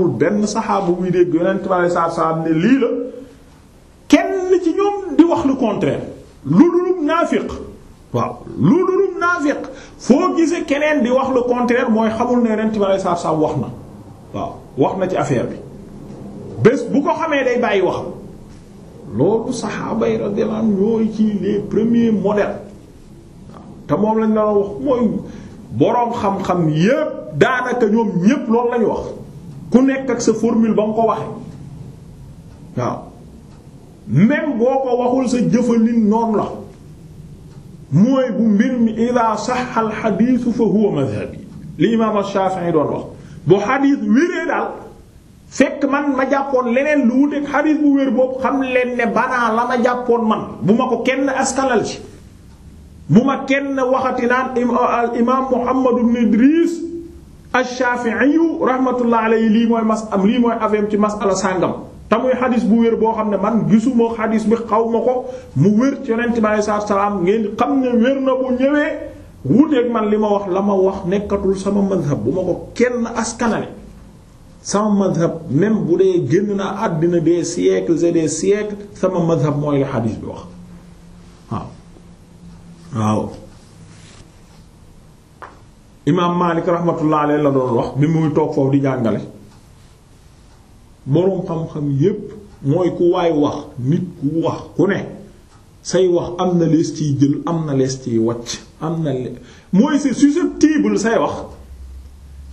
pour benn saxaabu buy dégg yonent bi alayhi salaatu salaam ne lii la kenn ci ñoom di wax lu contraire lu dulub naafiq waaw lu foo gisee keneen di wax lu contraire mooy xamul ne yonent bi alayhi salaatu wax na waaw wax na ci affaire bi bés bu ko xamee day bàyyi wax loolu saxaaba yi radiyallahu anhum ñooy ci premier premiers modèles te moom lañ la wax mooy boroom xam-xam yépp daanaka ñoom ñépp loolu lañu wax. ku nekk ak sa formule ba nga ko waxe waaw même boo ko waxul sa jëfanin noonu la mooy bu mbir mi ida saxa alxadisu fa huwa madhabi li imaam Shaafi'i doon wax bu xadis wéree daal fekk man ma jàppoon leneen lu wuteeg xadis bu wér boobu xam leen ne banaa la ma jàppoon man bu ma ko kenn askalal ci bu ma kenn waxati naan al imaam Muhammad ibn ash-Shafi'i rahmatullah alayhi lii mooy mas am lii mooy afeem ci masala sàngam te muy bu wér boo xam ne man gisuma xadis bi xaw ma ko mu wér ci yonent bi alayhi salaam ngeen xam ne wér na bu ñëwee wuuteeg man li ma wax la ma wax nekkatul sama madhab bu ma ko kenn askanale sama madhab même bu dee génn naa àddina des siècles et des siècles sama madhab mooy la xadis bi wax waaw waaw imaam Maalik rahmatullah alayhi la doon wax bi muy toog foofu di jàngale boroom xam-xam yépp mooy ku waay wax nit ku wax ku ne say wax am na lees ciy jël am na lees ciy wàcc am na mooy c'est susceptible say wax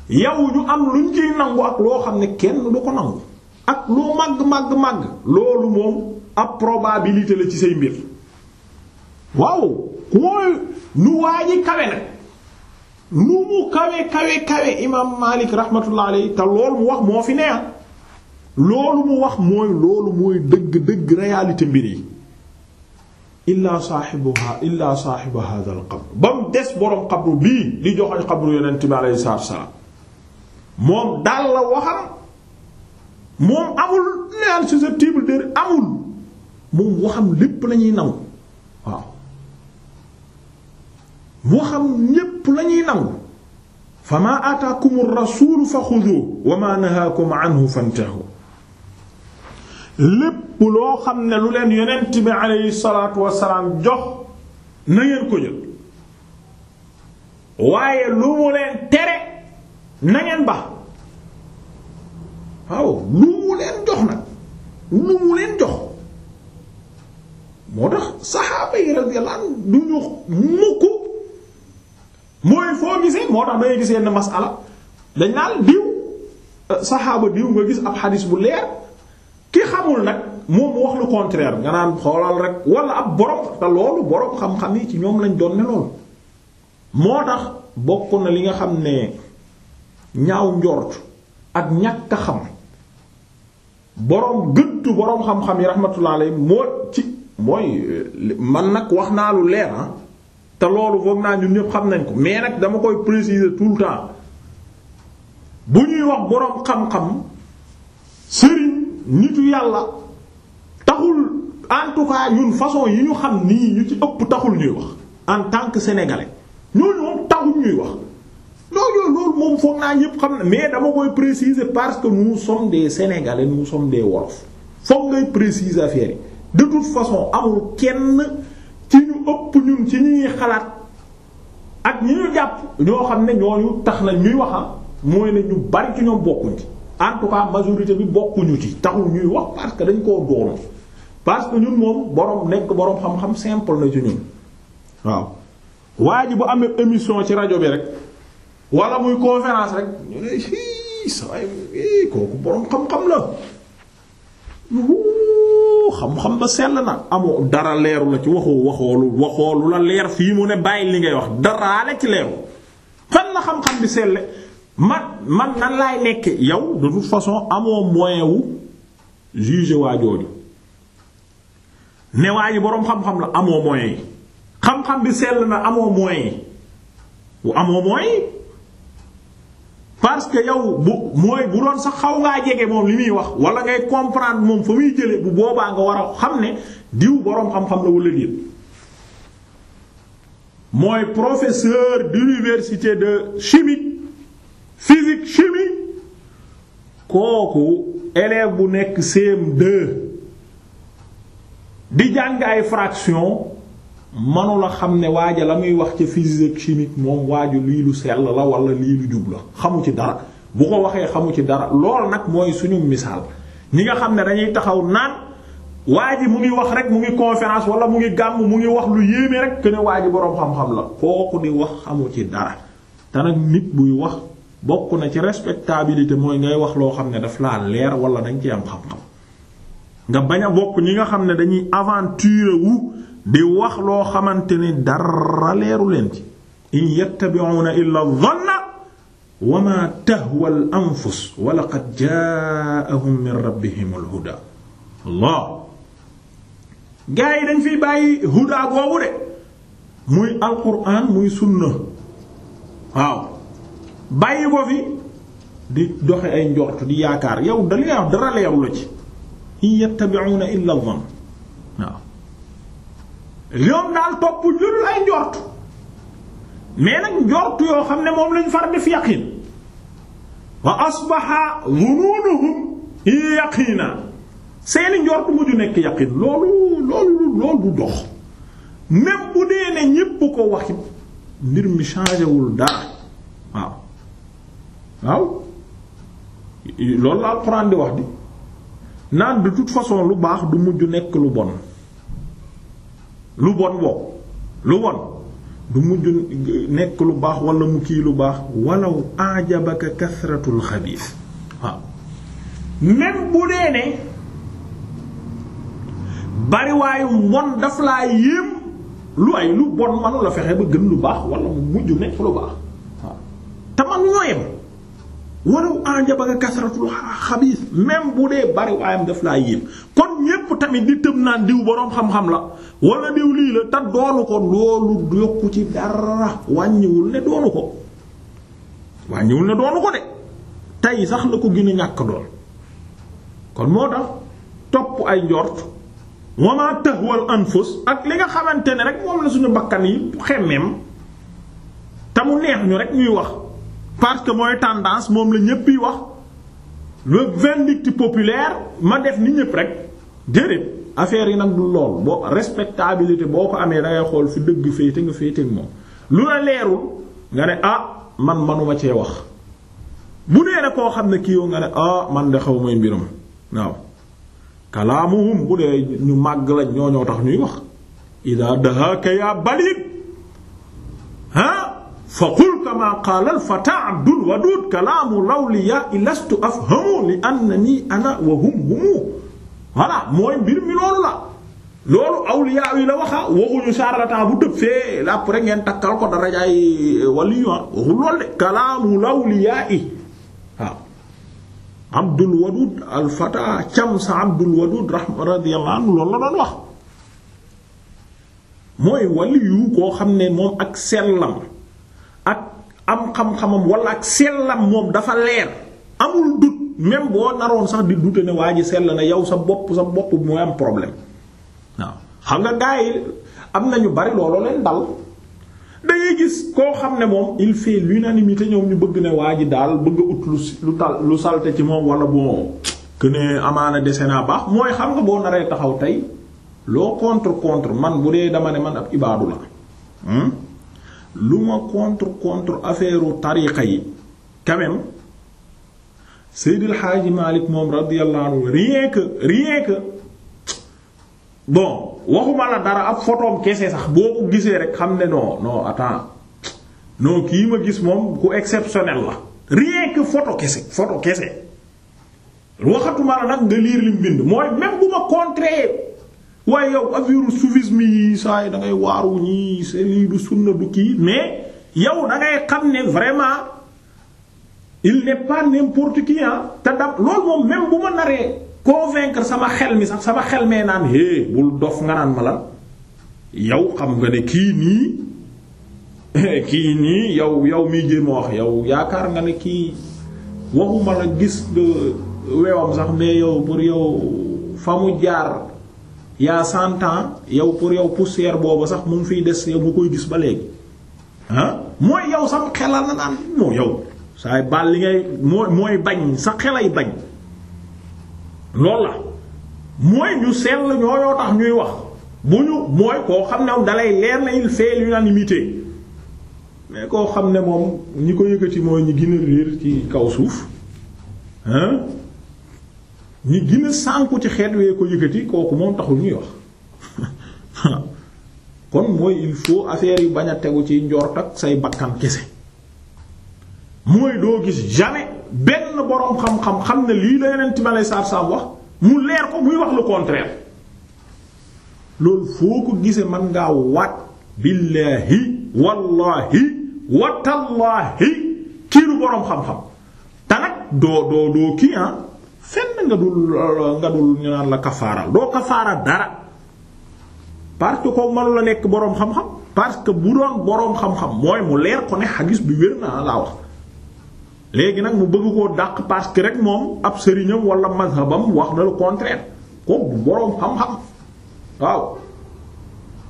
yow ñu am luñ ciy nangu ak loo xam ne kenn du ko nangu ak loo màgg màgg màgg loolu moom ab probabilité ci say mbir waaw mooy nu waaji kawe nag lu mu kawe kawe kawe imaam Maalik rahmatullah alayhi te loolu mu wax moo fi neex loolu mu wax mooy loolu mooy dëgg dëgg réalité mbir yi illaa saaxibuha illaa saaxibu hadha al ba mu des boroom xabru bii di joxoñ xabru yonent bi alayhi salaatu wasalaam moom daal la waxam moom amul naan susceptible de amul moom waxam lépp lañuy naw waaw waxam ñépp lañuy nangu fa maa ataakum ar fa xuduuhu wa maa nahaakum anhu fantahuu lépp loo xam ne lu leen yonent bi aleyhi salaatu wasalaam jox na ko jël waaye lu mu leen tere na ba waaw lu mu leen jox nag lu mu leen jox moo tax saxaaba yi du ñu mukk mooy foo gisee moo tax dangay gisee na masala dañ naan diw euh, saxaaba diw nga gis ab xadis bu leer ki xamul nag moom wax lu contraire nga naan xoolal rek wala ab borom te loolu borom xam-xam yi ci ñoom lañ doon ne loolu moo tax bokk na li nga xam ne ñaaw njort ak ñàkk a xam borom gëttu borom xam-xam yi rahmatullah alayhi moo ci mooy euh, man nag wax naa lu leer ah te loolu foog naa ñun ñëpp xam nañ ko mais nag dama koy préciser tout le temps bu ñuy wax boroom xam-xam sëriñ nitu yàlla taxul en tout cas ñun façon yi ñu xam nii ñu ci ëpp taxul ñuy wax en tant que sénégalais ñooñu moom taxul ñuy wax loolu loolu moom foog naa ñëpp xam na mais dama koy préciser parce que nous sommes dee sénégalais nous sommes des wolof foog ngay préciser affaire yi de toute façon amul kenn. ci ñu ëpp ñun ci ñuy xalaat ak ñi ñu jàpp ñoo xam ne ñooñu tax na ñuy wax mooy ne ñu bari ci ñoom bokkuñ ci en majorité bi bokkuñu ci taxul ñuy wax parce que dañ koo doon parce que ñun moom boroom nekk boroom xam-xam simple na ci ñun waaw waa ji bu amee émission ci rajo bi rek wala muy conférence rek ñu ne sa waay kooku boroom xam-xam la xam-xam ba sell na amoo dara leeru la ci waxoo waxoolu la leer fii mu ne bàyyi li ngay wax daraa la ci leeru fan la xam-xam bi selle man man nan laay nekke yow de toute façon amoo moyen wu juger waa jooju ne waa boroom xam-xam la amoo moyen yi xam-xam bi sell na amoo moyen yi amoo moyen parce que yow bu mooy bu doon sax xaw ngaa jege moom li muy wax wala ngay comprendre moom fa muy jëlee bu boobaa nga war a xam ne diw boroom xam-xam la wala déet mooy professeur d'université de chimique physique chimie kooku élève bu nekk cm de di jàngaay ay fraction manula xam ne waaja la muy wax ci physique chimique moom waaju lii lu sell la wala lii lu jub la xamu ci dara bu ko waxee xamu ci dara lool nag mooy suñu misaal ñi nga xam ne dañuy taxaw naan waa ji mu ngi wax rek mu ngi conférence wala mu ngi gàmm mu ngi wax lu yéeme rek que ne waa boroom xam-xam la kooku di wax xamu ci dara te nag nit buy wax bokk na ci respectabilité mooy ngay wax loo xam ne daf laa leer wala dañ ci am xam-xam nga bañ bokk ne dañuy aventure di wax loo xamante ni dara leeru leen ci in yattabi'una illa dhanna wa ma tahwa al anfus wa laqad ja'ahum min rabbihim al huda allah gaa yi dañ fiy bàyyi huda boobu de muy alquran muy sunna waaw bàyyi ko fi di doxe ay njort di yaakaar yow da li dara leeru la ci in yattabi'una illa dhanna ñoom daal topp jurul ay njort mais nag njort yoo xam ne moom lañ far def yaqin wa asbaha zununuhum yaqina seeni njort mujj nekk yaqin loolu loolu loolu dox même bu ne ñépp ko wax it mi changé wul dara waaw waaw loolu la Alxuraan di wax di naan de toute façon lu baax du mujj nekk lu bon lu bon boobu lu bon du mujj nekk lu baax wala mu kii lu baax walaw ajabaka kasratul xabiis waaw même bu dee ne bariwaayu mbon daf laa yéem lu ay lu bon manu la fexe ba gën lu baax wala mu mujj nekk lu baax waaw te man ñooyam walaw ajabaka kasratul xabiis même bu dee bariwaayam daf laa yéem kon ñépp tamit di tëb naan diw boroom xam-xam la wala diw lii la te doonu ko loolu yokku ci dara wàññiwul ne doonu ko wàññiwul ne doonu ko de tey sax la ko gën a ñàkk doon kon moo tax topp ay njort wama tahwal anfus ak li nga xamante ne rek moom la suñu bakkan yi xemmeem te mu neex ñu rek ñuy wax parce que mooy tendance moom la ñépp yi wax le verdict populaire ma def ni ñépp rek déedéet affaire yi nag du lool boo respectabilité boo ko amee dangay xool fi dëgg féete nga féete moom lu la leerul nga ne ah man manuma cee wax bu nee na koo xam ne kii yow nga ne ah man de xaw may mbiram waaw kalaamuhum bu dee ñu màgg lañ ñoo ñoo tax ñuy wax ida dahaka ya balid ha fa qul kama qaala al fata abdul wadud kalaamu lawliya ilastu afhamu li annani ana wa hum humu voilà mooy mbir mi loolu la loolu awliya yi la waxa waxuñu charlatan bu tëb fee la après ngeen takkal ko darajaay euh, waliyu ah, waxu loolu de kalaamu awliya waaw Abdul Wadud al Fata Camsa Abdul Wadud radiyallahu anhu loolu la doon wax mooy waliyu koo xam ne moom ak sellam ak am xam-xamam wala ak sellam moom dafa leer amul dut même boo naroon sax di dute ne waa ji sell na yow sa bopp sa bopp mooy am problème waaw xam nga gars am na ñu bari looloo leen dal da gis koo xam ne moom il fait l'unanimité ñëw ñu bëgg ne waa ji daal bëgg a ut lu salte ci moom wala bon que ne amaana dese naa baax mooy xam nga boo naree taxaw tey loo contre contre man bu dee dama ne man ab ibaadu la hmm? lu ma contre contre affaire tariqa yi quand même Seydil Hadji Malick moom radiyallahu anhu rien que bon waxuma la dara ab photom kese sax boo ko gisee rek xam ne non non attends non kii ma gis moom ku exceptionnel la rien que kese photo kese waxatuma la nag nga liir lim bind mooy même bu ma contrer waaye yow affaire soufisme yi saa yi da ngay waaru ñii lii du sunna du kii mais yow da xam ne vraiment. il n'est pas n'importe te dab loolu moom même bu ma naree convaincre sama xel mi sax sama xel mee naan hé bul dof nga naan ma la yow xam nga ne kii nii kii nii yow yow mii jéem a wax yow yaakaar nga ne kii waxuma la gis nga weewam sax mais yow pour yow fa mu jaar yaa cent ans yow pour yow poussière boobu sax mu ngi fiy des yow mu koy gis ba léegi ah mooy yow sam xelal na naan moo yow saay baal li ngay mooy mooy bañ sa ay bañ lool la mooy ñu sell ñoo yoo tax ñuy wax bu ñu mooy koo xam ne dalay leer na il fait l'unanimité mais koo xam ne moom ñi ko yëkkati mooy ñi gën a réer ci kaw suuf hein ñi gën ci xeet wee ko yëkkati kooku moom taxul ñuy wax kon mooy il faut affaire yu bañ a tegu ci njort ak say bakkan kese mooy doo gis jamais benn boroom xam-xam xam ne lii la yeneen time lay saab saab wax mu leer ko muy wax le contraire loolu foo ko gisee mën ngaa waat billaahi wallaahi watallaahi kii lu boroom xam-xam te nag doo doo doo kii ah fenn nga dul nga dul naan la kafaaral doo kafaara dara parce que kooku mënu la nekk boroom xam-xam parce que bu doon boroom xam-xam mooy mu leer ko ne xagis bi wér naa laa wax léegi nag mu bëgg koo dàq parce que rek moom ab sëriñam wala mazhabam wax na le contraire ko bu boroom xam-xam waaw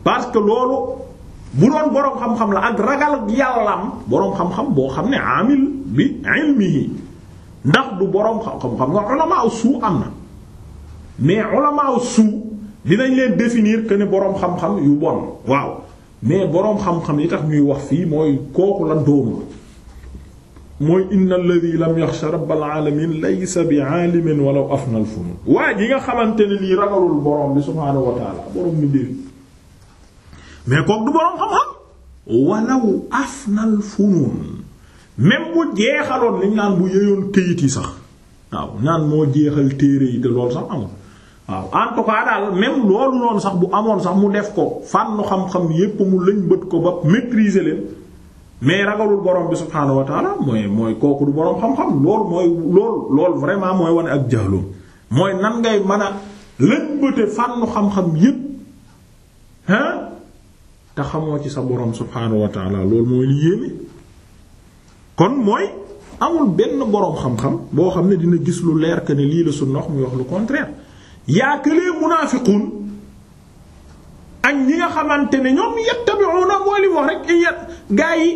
parce que loolu bu doon boroom xam-xam la ak ragal yàllaam boroom xam-xam boo xam ne amil bi ilmihi ndax du boroom xam-xam xam nga ulama suu am na mais ulama suu dinañ leen définir que ne boroom xam-xam yu bon waaw mais boroom xam-xam yi tax ñuy wax fii mooy kooku la doonul mooy inna alladhi lam yaxsha rabbal alamin laysa bi aalimin walaw afna al funun waa ji nga xamante ne nii ragalul borom bi subhaanahu wa borom mi dégg mais kook du borom xam-xam walaw afna al funun même bu jeexaloon liñ naan bu yeyoon këyit yi sax waaw naan moo jeexal téere yi te loolu sax amul waaw en daal même loolu noonu sax bu amoon sax mu def ko fànn xam-xam yépp mu lëñ ko ba maîtriser leen. mais ragalul borom bi subhaanahu wa taala mooy mooy kooku du borom xam-xam loolu mooy loolu lool vraiment mooy wane ak jaxlum mooy nan ngay mën a lëñbëte fànnu xam-xam yépp ah te xamoo ci sa borom subhaanahu wa taala loolu mooy li yéeme kon mooy amul benn borom xam-xam boo xam ne dina gis lu leer que ne lii la su ndox muy wax lu contraire yaakalee munaafiqun ak ñi nga xamante ne ñoom yattabi'una mooy li wax rek yet gaa yi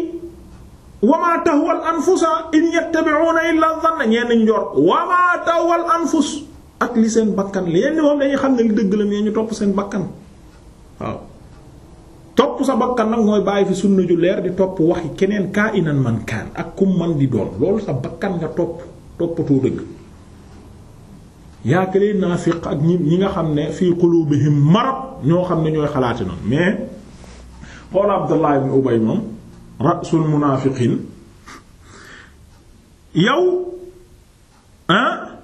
wamaa tahwal anfusa in yattabi'una illa dhanna ñeen njor wamaa anfus ak li seen bakkan li yenn moom dañuy xam ne li dëgg la mais ñu topp seen bakkan waaw topp sa bakkan nag mooy bàyyi fi sunna ju leer di topp wax yi keneen kaa inan man kaan ak kum man di doon loolu sa bakkan nga topp toppatoo dëgg yaakaar naa fiq ak ñi ñi nga xam ne fii qulubihim marad ñoo xam ne ñooy xalaati noonu mais xool Abdullah ibn Ubay moom rasul munaafiqiin yow ah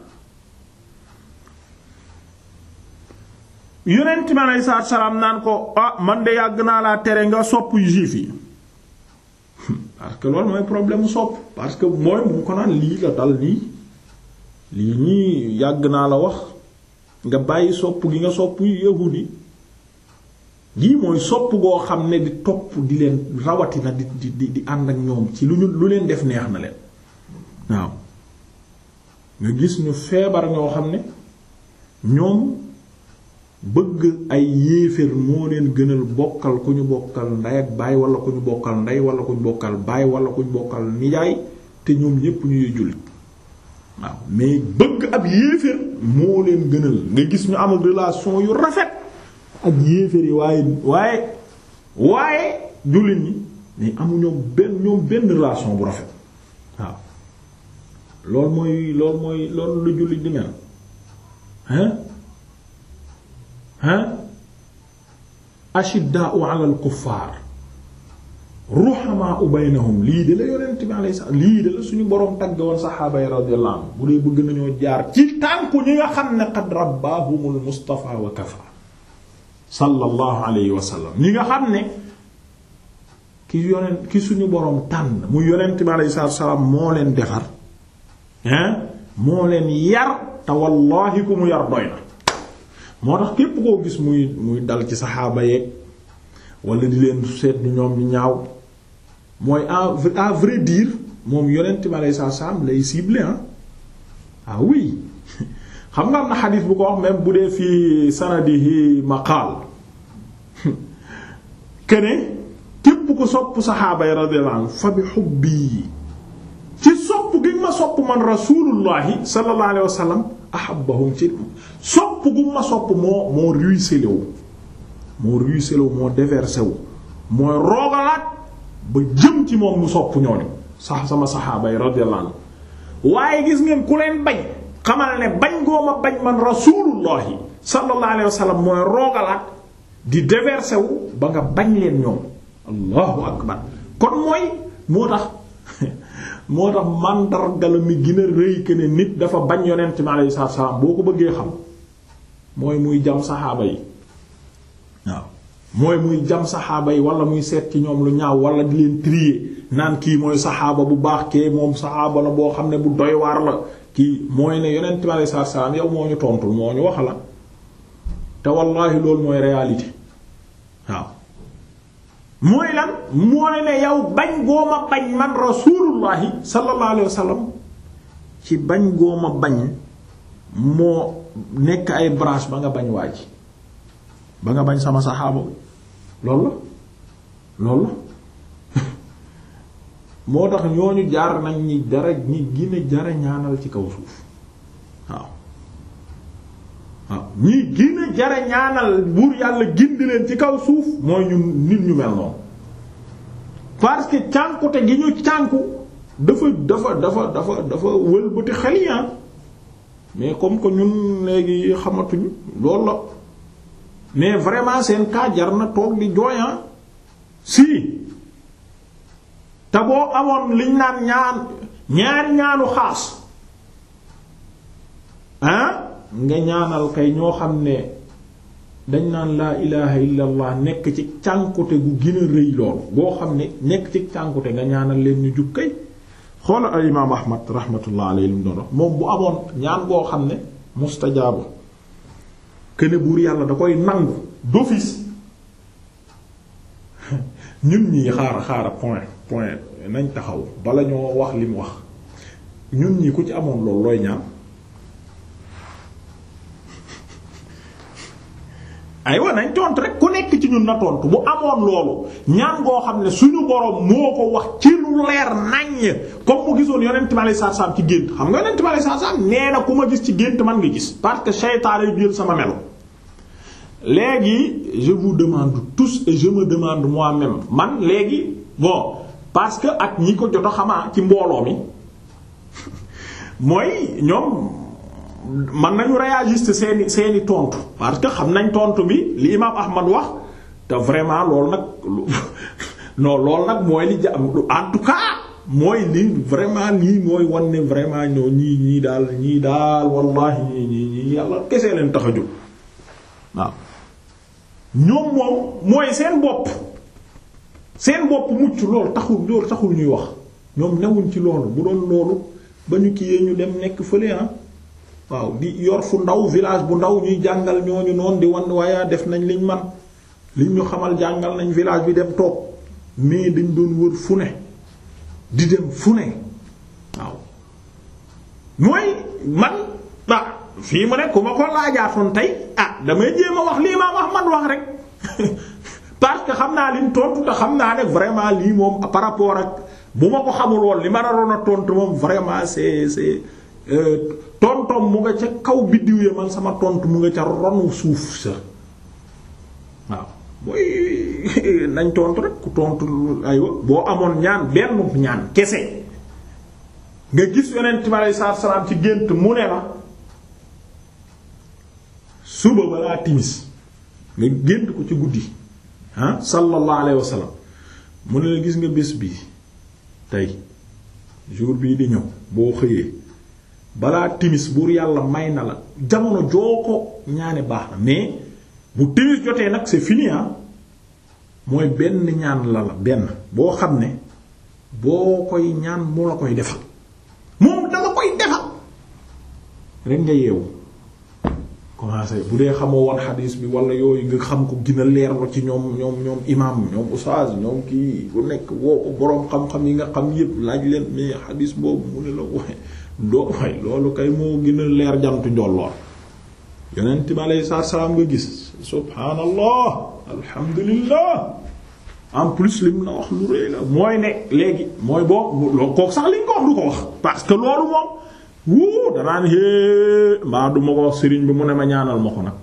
yonent mi aleyhi salaatu salaam naan ko ah man de yàgg naa laa tere nga sopp juif yi parce que loolu mooy problème sopp parce que mooy mu ko naan lii la dal nii lii ñii yàgg naa la wax nga bàyyi sopp gi nga sopp yahuud yi lii mooy sopp goo xam ne di topp di leen rawatina di di di ànd ak ñoom ci lu ñu lu leen def neex na leen waaw nga gis ñu feebar ñoo xam ne ñoom bëgg ay yéeféer moo leen gënal bokkal ku ñu bokkal nday ak baay wala ku ñu bokkal ndey wala ko ñu bokkal baay wala ku ñu bokkal nijaay te ñoom ñépp ñuy julli waaw mais bëgg ab yéeféer moo leen gënal nga gis ñu am relation yu rafet ak yéeféer yi waaye waaye waaye jullit ñi mais amuñu benn ñoom benn relation bu rafet waaw loolu mooy loolu mooy loolu lu jullit di mel hein hein ashiddaa'u 'ala al-kuffaar ruhamaa baynahum lii de la yonent bi alayhi salaam lii de la suñu boroom tagg woon saxaaba yi radiyallahu anhu bu dee bëgg nañoo jaar ci tànku ñi nga xam ne qad rabbaahumul Mustafa wa kafa sallallahu alayhi wa sallam ñi nga xam ne ki yonent ki suñu boroom tànn mu yonent bi alayhi salaam moo leen defar hein moo leen yar te wallaahi ku mu yar doy na moo tax képp koo gis muy muy dal ci saxaaba yeeg wala di leen seetlu ñoom ñaaw. mooy à vrai dire moom yonent mi aleyhi salaam lay ciblé ah ah oui xam nga am na xadiis bu ko wax même bu dee fii sanadihi maqaal kene képp ku sopp saxaaba yi radiyallahu anhu fa bi hubbi ci sopp gi ma sopp man rasuulullahi sallallahu alayhi wa sallam ci sopp gu ma sopp moo moo ruisselé moo ruisselé moo déversé wu mooy roogalaat ba jëm ci moom mu sopp ñooñu sax sama saxaaba yi radiyallahu anhu waaye gis ngeen ku leen bañ xamal ne bañ goo ma bañ man rasulullahi sallallahu alayhi mooy roogalaat di déverser wu ba nga bañ leen ñoom allahu akbar kon mooy moo tax moo tax màndargala mi gën ne nit dafa bañ yonent mi alayhi salaam boo ko bëggee xam mooy muy jam saxaaba yi waaw mooy muy jam saxaaba yi wala muy seet ci ñoom lu ñaaw wala di leen trier naan kii mooy saxaaba bu baax kee moom saxaaba la boo xam ne bu doy waar la kii mooy ne yonent bi salaam yow moo ñu tontu moo ñu wax la te wallaahi loolu mooy réalité waaw mooy lan mooy ne yow bañ goo ma bañ man rasulullahi sallallahu alayhi ci bañ goo ma bañ moo nekk ay branche ba nga bañ waa ba nga bañ sama saxaaba loolu la loolu la moo tax ñooñu jaar nañ ñi dara ñi gine jara ci kaw suuf waaw ñi gine jara buur yàlla gindi leen ci kaw suuf mooy ñu nit ñu mel noonu parce que cànkute gi ñu cànku dafa dafa dafa dafa dafa wëlbati xel ah. mais comme que ñun léegi xamatuñu loolu la mais vraiment seen cas na toog di jooyan ah. si te boo amoon liñ naan ñaan ñaari ñaanu xaas ah nga ñaanal kay ñoo xam ne dañ naan laa ilaha illa nekk ci cànkute gu gën a rëy lool boo xam ne nekk ci cànkute nga ñaanal leen ñu jub kay xoolal al imaam ahmad rahmatullah alayhi doon moom bu amoon ñaan boo xam ne mustajaabu këne buur yàlla da koy nangu dofis ñun ñi xaara xaara point point nañ taxaw bala ñoo wax li mu wax ñun ñi ku ci amoon loolu looy ñaan aywa nañ tontu rek ku nekk ci ñun na tontu bu amoon loolu ñaan ngoo xam ne suñu borom moo ko wax ci lu leer naññ comme mu gisoon yonent ma lay sarsam ci gént xam nga yonent ma lay sarsam nee na ku ma gis ci gént man nga gis parce que seytaane yu jël sama melo. léegi je demande tous et je demande mois même man léegi bo parce que ak ñi ko jot a xamaa ci mbooloo mi mooy ñoom. man nañu réajuster seeni seeni tontu parce que xam nañ tontu bi li imaam Ahmad wax te vraiment loolu nag non loolu nag mooy li ja en tout mooy li vraiment lii mooy wan ne vraiment ñoo ñii ñii daal ñii daal wallahi ñii ñii ñii yàlla kese leen tax a jóg waaw ñoom moom mooy seen bopp seen bopp mucc loolu taxul loolu taxul ñuy wax ñoom newuñ ci loolu bu doon loolu ba ñu kii yee ñu dem nekk fële ah. waaw di yor fu ndaw village bu ndaw ñuy jàngal ñooñu noonu di wan waaye def nañ liñ man liñ ñu xamal jàngal nañ village bi dem toog mais dañ doon wër fu ne di dem fu ne waaw mooy man ah fii mu ne ku ma ko laajaatoon tey ah damay jéem a wax lii ma wax man wax rek parce que xam naa liñ tontu te xam naa ne vraiment lii moom par rapport ak bu ma ko xamul woon li ma naroon a tontu moom vraiment c'est c'est Euh, tontom mu nga ca kaw biddiw ya man sama tont mu nga ca ronu suuf sa waaw mooy nañ tontu rek ku tontu boo amoon ñaan benn ñaan kese nga gis yonent bi aleyhi salaatu salaam ci gént mu ne la suba balaa timis nga gént ko ci guddi ah sallallahu alayhi mu ne la gis nga bés bii tey jour bii di ñëw boo xëyee. balaa timis buur yàlla may na la jamono joo ko ñaane baax na mais bu timis jotee nag si fini ah. mooy benn ñaan la la benn boo xam ne boo koy ñaan mu la koy defal moom dama koy defal rek nga yeewu commencé bu dee xamoo woon xadiis bi wala yooyu nga xam ko gën a leerlu ci ñoom ñoom ñoom imam ñoom oustaz ñoom kii bu nekk woo ko boroom xam-xam yi nga xam yépp laaj leen mais xadiis boobu mu ne la waxe doo way loolu kay moo gën leer jantu njolloor yonent bi aleyhi salaatu salaam nga gis subhaanallah alhamdulillah en plus lim na wax lu rëy la mooy ne léegi mooy boobu loo kook sax liñ ko wax du ko wax parce que loolu moom wuu danaa ne hee maa du ko wax sëriñ bi mu ne ma ñaanal ma nag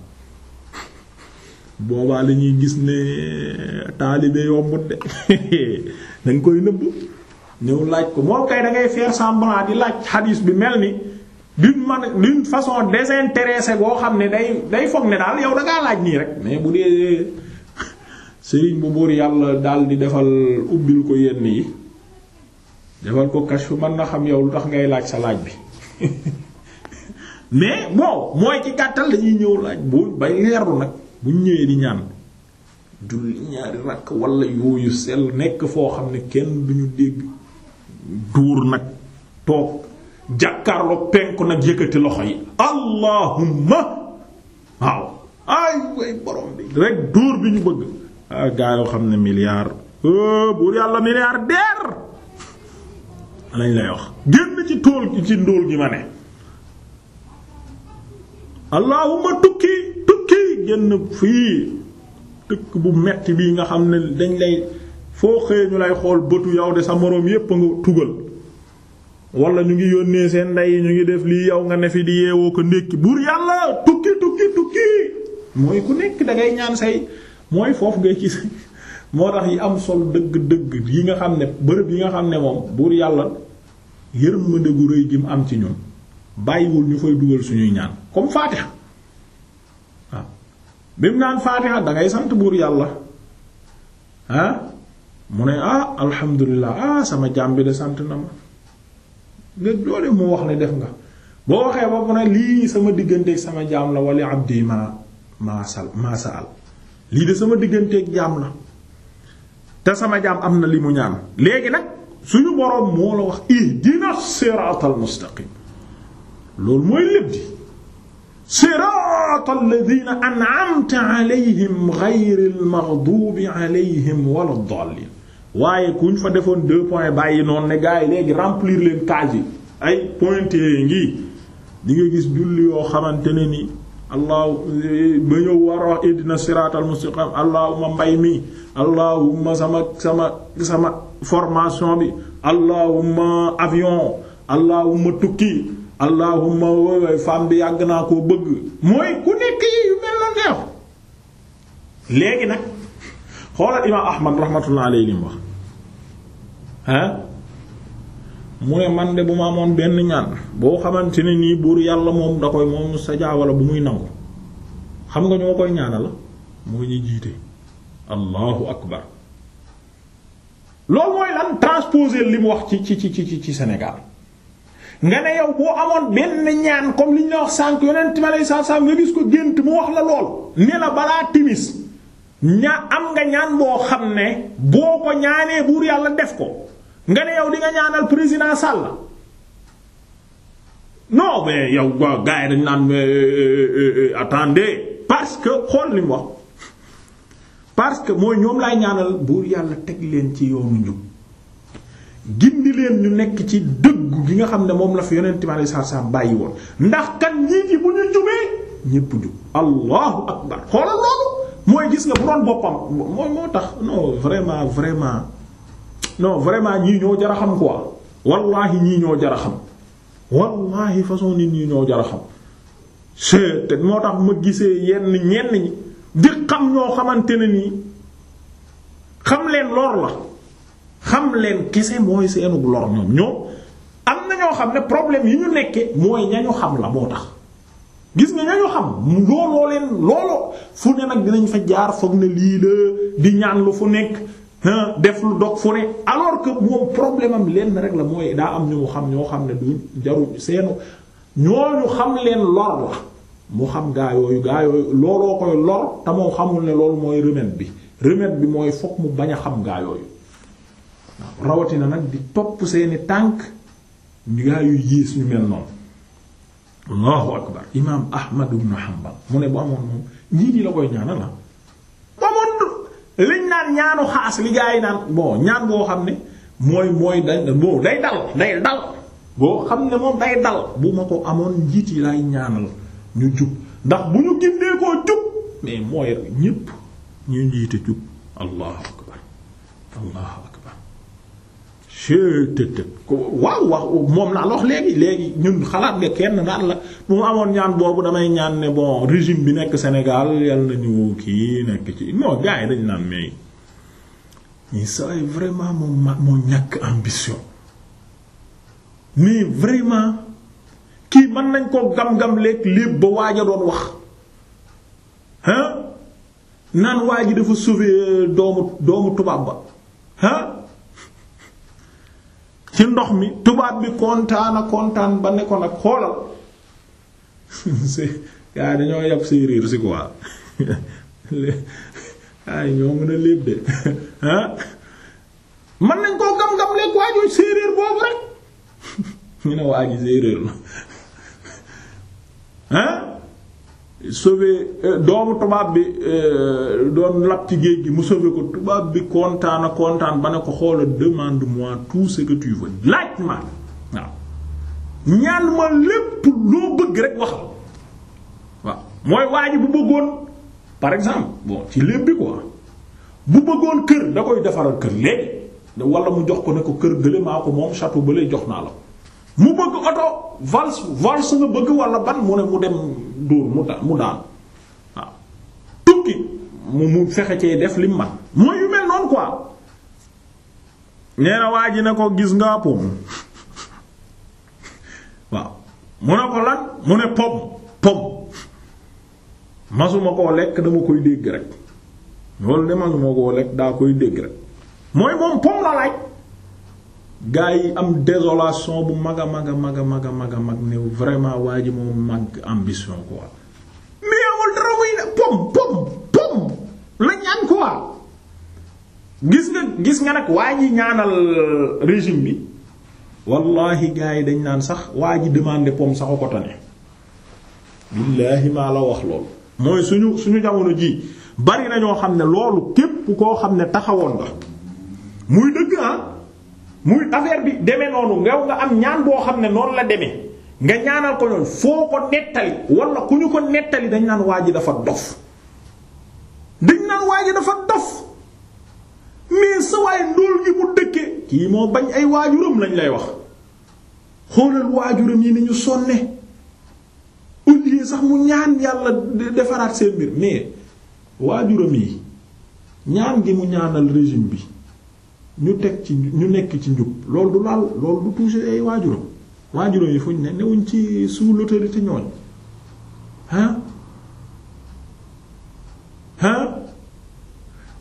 boobaa la gis ne taalibe yombut de danga koy nëbb ñëw laaj ko moo kay da ngay faire di laaj xadiis bi mel ni d'une man d'une façon désintéressée boo xam ne day day foog ne daal yow da laaj nii rek mais bu dee sëriñ bu buur yàlla daal di defal ubbil ko yenn yi defal ko kashf mën na yow lu ngay laaj sa laaj bi mais bon mooy ci gàttal dañuy ñëw laaj bu bay leerlu nag buñ ñëwee di ñaan julli ñaari rakk wala yooyu sel nekk foo xam ne kenn duñu dégg tuur nag toog jàkkaarloo penku nag yëkkati loxo yi allahumma waaw ay way borom bi rek dóor bi ñu bëgg a ah, gaa yoo xam ne milliard eh, buur yàlla milliardaire lañ lay wax génn ci tool ci ndóol gi ma ne allahumma tukki tukki génn fii dëkk bu metti bii nga xam ne dañ lay foo xëyee ñu lay xool bëtu yow de sa moroom yépp nga tugal wala ñu ngi yónnee seen ndey ñu ngi def lii yow nga ne fi di yeewoo ko ndékki buur yàlla tukki tukki tukki mooy ku nekk da ñaan say mooy foofu ngay gis moo tax yi am sol dëgg-dëgg yi nga xam ne bërëb yi nga xam ne moom buur yàlla yërmande gu rëy gi mu am ci ñun bàyyiwul ñu fay dugal suñuy ñaan comme faatiha waaw bi mu naan faatiha da sant buur yàlla ah mu ne ah alhamdulilah ah sama jaam bi de sant na ma nga loole mu wax ne def nga boo waxee ba mu ne lii sama digganteeg sama jaam la wala abdi ma maa sal maa saal lii de sama digganteeg jaam la te sama jaam am na li mu ñaan léegi nag suñu boroom moo la wax ihdina siratal mustaqim loolu mooy lépp di siratal ladina an'amta alayhim ghayril maghdubi alayhim waladdallin waaye kuñ fa defoon deux points bàyyi noonu ne gars yi léegi remplir leen case yi ay pointé ngi li nga gis julli yoo xamante ne ni allah ba ñëw war na ihdina siratal mustaqim allahuma mbay mi allahuma sama sama sama formation bi allahuma avion allahuma tukki allahuma woy femme bi yàgg naa ko bëgg mooy ku nekk yi yu mel na neex léegi nag xoolal imaam ahmad rahmatullah alayhi li mu wax ah mu ne man de bu ma amoon benn ñaan boo xamante ne nii buur yàlla moom da koy moom sa jaawala bu muy nangu xam nga ñoo koy ñaanal moo ñu jiite allahu akbar loolu mooy lan transposer li mu wax ci ci ci ci ci Sénégal nga ne yow boo amoon benn ñaan comme li ñu la wax sànk yonent mi aleyhi salaatu salaam nga gis ko gént mu wax la lool ne la balaa timis ña am nga ñaan boo xam ne boo ko ñaanee buur yàlla def ko nga ne yow di nga ñaanal président Sall non mais yow gars yi dañu naan euh, euh, euh, attendez parce que xool li wax parce que mooy ñoom laay ñaanal buur yàlla teg leen ci yoonu njub gindi leen ñu nekk ci dëggu gi nga xam ne moom la fi yonent mi saa saa bàyyi woon ndax kan njiit yi bu ñu jubee ñépp jub allahu akbar xoolal loolu mooy gis nga bu doon boppam mooy moo tax non vraiment vraiment no vraiment ñii ñoo jar a xam quoi wallaahi ñii ñoo jar a xam wallaahi façon nit ñii ñoo jar a xam c'est te moo tax ma gisee yenn ñenn ñi di xam ñoo xamante ne nii xam leen lor la xam leen kese mooy seenu lor ñoom ñoom am na ñoo xam ne problème yi ñu nekkee mooy ñañu xam la moo tax. gis nga ñoo xam looloo leen looloo fu ne nag dinañ fa jaar foog na lii la di ñaan lu fu nekk def lu dog fu ne alors que moom problème lenn rek la mooy daa am ñu mu xam ñoo xam ne du jaru seenu ñooñu xam leen lor la mu xam gaa yooyu gaa yooyu looloo koy lor te moo xamul ne loolu mooy remède bi remède bi mooy fokk mu bañ a xam gaa yooyu rawatina nag di topp seeni tànk gaa yu yées ñu mel noonu allahu akbar imaam ahmad ibn hanbal mu ne bu amoon moom ñii di la koy ñaanal la ah. bu amoon liñ naan ñaanu xaas li naan bon ñaan boo xam ne mooy mooy day boo day dal day dal boo xam ne moom day dal bu ma ko amoon njiit yi lay ñaanal ñu jub ndax bu ñu gindee koo jub mais mooy ñépp ñu njiite jub allahu akbar allahu akbar chettëtë waaw wax moom naa la wax léegi léegi ñun xalaat nga kenn naan la bu mu amoon ñaan boobu damay ñaan ne bon régime bi nekk Sénégal yal nañu kii nekk ci non gars dañ naan mais ñi saay vraiment moom ma moo ñàkk ambition mais vraiment kii man nañ koo gam-gam léeg lépp ba waaja doon wax ah naan waa ji dafa sauver doomu doomu tubaab ba ah ci ndox mi tubaab bi kontaan kontaan ba ne ko nag xoolal gaa yi dañoo yàpp séeréer si quoi ay ñoo mën a léeb de ah man nañ koo gam-gam lekk waaju séeréer boobu rek ñu ne waa séeréer la ah sauvé euh, doomu tubaab bi euh, doon lap géej gi mu sauvé ko tubaab bi kontaan kontaan ba ne ko xoola demande moi tout ce que tu veux laaj ma waaw ñaan ma lépp loo bëgg rek wax mooy waa bu bëggoon par exemple ci lépp bi bu bëggoon kër da koy defaral kër léegi wala mu jox ko ne ko kër gële maa ko moom château ba lay jox naa la mu bëgg oto vals vals nga bëgg wala ban mu ne mu dem dóor mu da mu daanu tukki mu mu fexe cee def lim man mooy yu mel noonu quoi nee waa ji ne ko gis nga pom waaw mu ne ko lan mu ne pom pom masuma koo lekk dama koy dégg rek loolu de masuma koo lekk daa koy dégg rek mooy moom pom la laaj gaa yi am désolation bu mag a mag a mag a mag a mag a mag ne vraiment waa ji moom mag ambition quoi mais amul dara muy ne pom pom pom la ñaan quoi gis nga gis nga nag waa ji ñaanal régime bi wallahi gaa yi dañ naan sax waa ji demandé pom sax ko tane billaahi maa la wax loolu mooy suñu suñu jamono ji bari na ñoo xam ne loolu képp koo xam ne taxawoon nga muy dëgg ah. muy affaire bi demee noonu ngew nga am ñaan boo xam ne noonu la deme nga ñaanal ko ñoon foo ko nettali wala ku ñu ko nettali dañ naan waa ji dafa dof dañ naan waa ji dafa dof mais sa waay ndóol gi mu dëkke kii moo bañ ay waajuram lañ lay wax xoolal waajuram yi ni ñu sonne au lieu sax mu ñaan yàlla defaraat seen mbir mais waajuram yi ñaan gi mu ñaanal régime bi ñu teg ci ñu nekk ci njub loolu du laal loolu du touché ay waajuram waajuram yi fuñ ne newuñ ci sous l'autorité ñooñ ah ah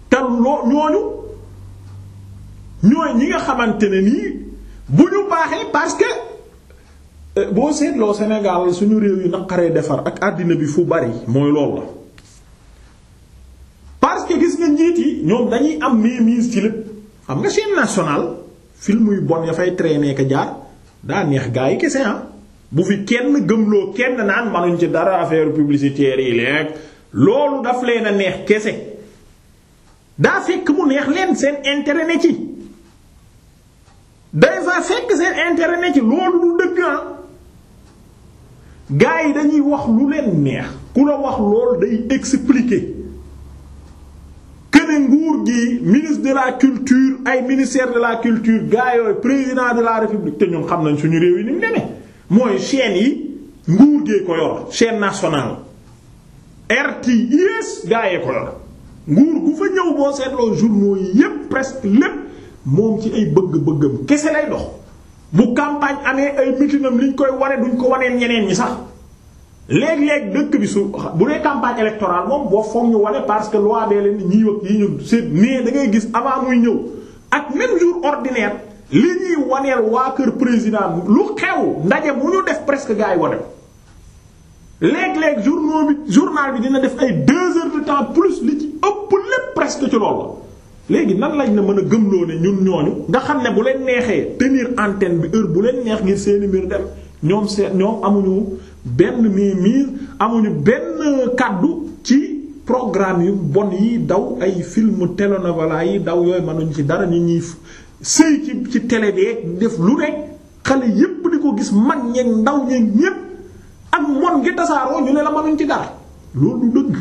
tam loo ñooñu ñooy ñi nga xamante ne nii bu ñu baaxee parce que euh, boo seetloo senegaal suñu réew yi naqaree defar ak àddina bi fu bari mooy loolu la parce que gis nga njiit yi ñoom dañuy am mainmise ci lépp. xam nga chaîne nationale film yu bon ya fay traîner ka jaar daa neex gaa yi kese ah bu fi kenn gëmloo kenn naan manuñ ci dara affaire publicitaire yi leeg loolu daf leen a neex kese daa fekk mu neex leen seen intérêt ne ci day fa fekk seen intérêt ne ci loolu du dëgg ah gaa yi dañuy wax lu leen neex ku la wax loolu day expliquer ne nguur gi ministre de la culture ay ministère de la culture gaa yooyu président de la république te ñun xam nañ suñu réew yi ni mu mooy chaîne yi nguur gee ko yor chaîne nationale RTS gaa yee ko yor nguur gu fa ñëw boo seetloo journaux yi yépp presque lépp moom ci ay bëgg-bëggam kese lay dox bu campagne amee ay mitinam liñ koy ware duñ ko waree ñeneen ñi sax léeg-léeg dëkk bi su bu dee campagne électorale moom boo foog ñu wane parce que loi bee leen ñii yi ñu seet mais da ngay gis avant muy ñëw ak même jour ordinaire li ñuy waneel waa kër président lu xew ndaje bu ñu def presque gars yi wane ko léeg-léeg journaux bi journal bi dina def ay deux heures de temps plus li ci ëpp lépp presque ci loolu la léegi nan lañ na mën a gëmloo ne ñun ñooñu nga xam ne bu leen neexee tenir antenne bi heure bu leen neex ngir seeni mbir dem ñoom seen ñoom amuñu benn mii amuñu benn kàddu ci programme yu bon yi daw ay film télénovela yi daw yooyu mënuñ ci dara ñu ñuy sëy ci ci télé bi def lu rek xale yépp di ko gis mag ñeeg ndaw ñeeg ñépp ak mon ngi tasaaroo ñu ne la mënuñ ci dara loolu du dëgg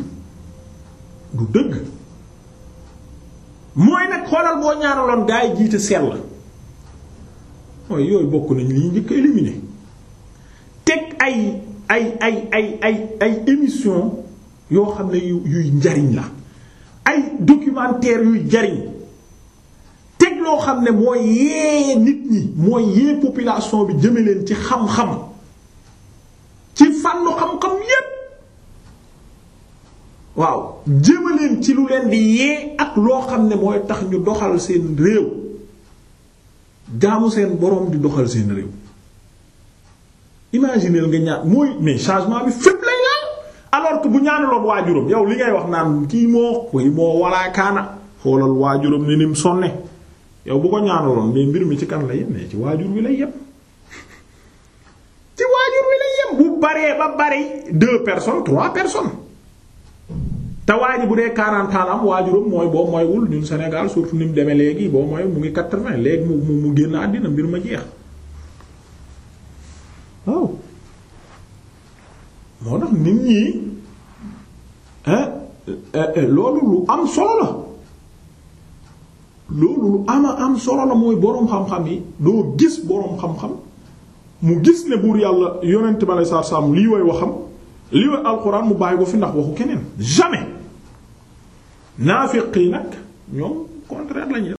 du dëgg mooy nag xoolal boo ñaanaloon gaa yi jiite sell mooy yooyu bokk nañ li njëkk éliminer teg ay ay ay ay ay ay émission yoo xam ne yu yuy njariñ la ay documentaire yuy njariñ teg loo xam ne mooy yee nit ñi mooy yee population bi jëme leen ci xam-xam ci fànnu xam-xam yépp waaw jëme ci lu leen di yee ak loo xam ne mooy tax ñu doxal seen réew jaamu seen borom di doxal seen réew imaginer nga ñaan mooy mais changement bi fépp lay laal alors bu ñaanaloon waajuram yow li ngay wax naan kii moo kii moo walaakaana xoolal waajuram ni nim sonne yow bu ko ñaanaloon mais mbir mi ci kan la yem mais ci waajur wi lay yem ci waajur wi lay yem bu baree ba bari deux personne trois personnes te bu dee 40 ans am waajuram mooy boo mooywul ñun Sénégal surtout ni mu demee léegi boo mooy mu ngi 80 léegi mu mu génn àddina mbir ma jeex. moo tax nit ñi eh, eh, loolu lu am solo la loolu lu ama am solo la mooy boroom xam-xam yi doo gis boroom xam-xam mu gis ne buur yàlla yonent ma lay saar saam lii way waxam lii way alxuraan mu bàyyi ko fi ndax waxu keneen jamais naafiq yi nag ñoom contraire lañuy